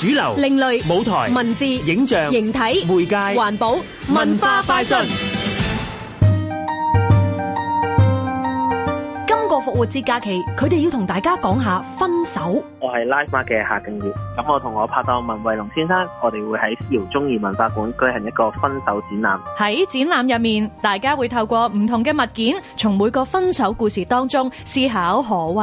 主流、另類舞台、文字、影像、形體、媒介、環保、文化、快訊。節假期，佢哋要同大家講下分手。我係拉媽嘅夏敬月，咁我同我拍檔文慧龍先生，我哋會喺饒宗頤文化館舉行一個分手展覽。喺展覽入面，大家會透過唔同嘅物件，從每個分手故事當中思考何謂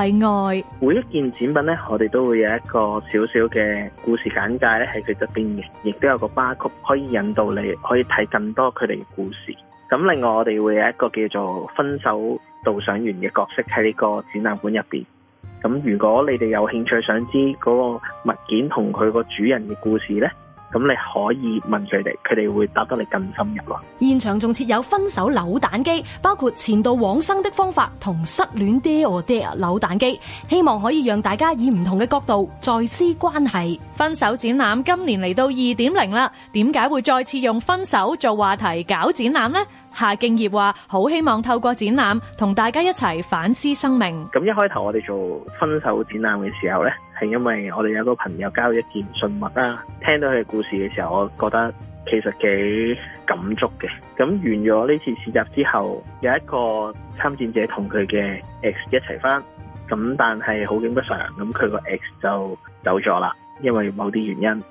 愛。每一件展品咧，我哋都會有一個少少嘅故事簡介咧喺佢側邊嘅，亦都有個巴曲可以引導你，可以睇更多佢哋嘅故事。咁另外我哋會有一個叫做分手導賞員嘅角色喺呢個展覽館入邊。咁如果你哋有興趣想知嗰個物件同佢個主人嘅故事呢？咁你可以問佢哋，佢哋會答得你更深入咯。現場仲設有分手扭蛋機，包括前度往生的方法同失戀爹和爹扭蛋機，希望可以讓大家以唔同嘅角度再知關係。分手展覽今年嚟到二點零啦，點解會再次用分手做話題搞展覽呢？夏敬業話：好希望透過展覽同大家一齊反思生命。咁一開頭我哋做分手展覽嘅時候呢，係因為我哋有個朋友交一件信物啦。聽到佢嘅故事嘅時候，我覺得其實幾感觸嘅。咁完咗呢次試集之後，有一個參戰者同佢嘅 ex 一齊返，咁但係好景不常，咁佢個 ex 就走咗啦，因為某啲原因。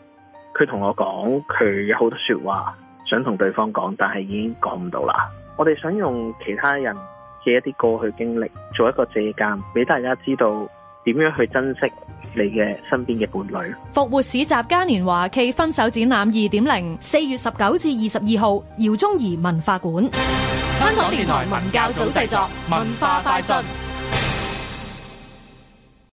佢同我講，佢有好多說話。想同對方講，但係已經講唔到啦。我哋想用其他人嘅一啲過去經歷，做一個借鑑，俾大家知道點樣去珍惜你嘅身邊嘅伴侶。復活市集嘉年華暨分手展覽二點零，四月十九至二十二號，饒宗頤文化館。香港電台文教組製作，文化快訊。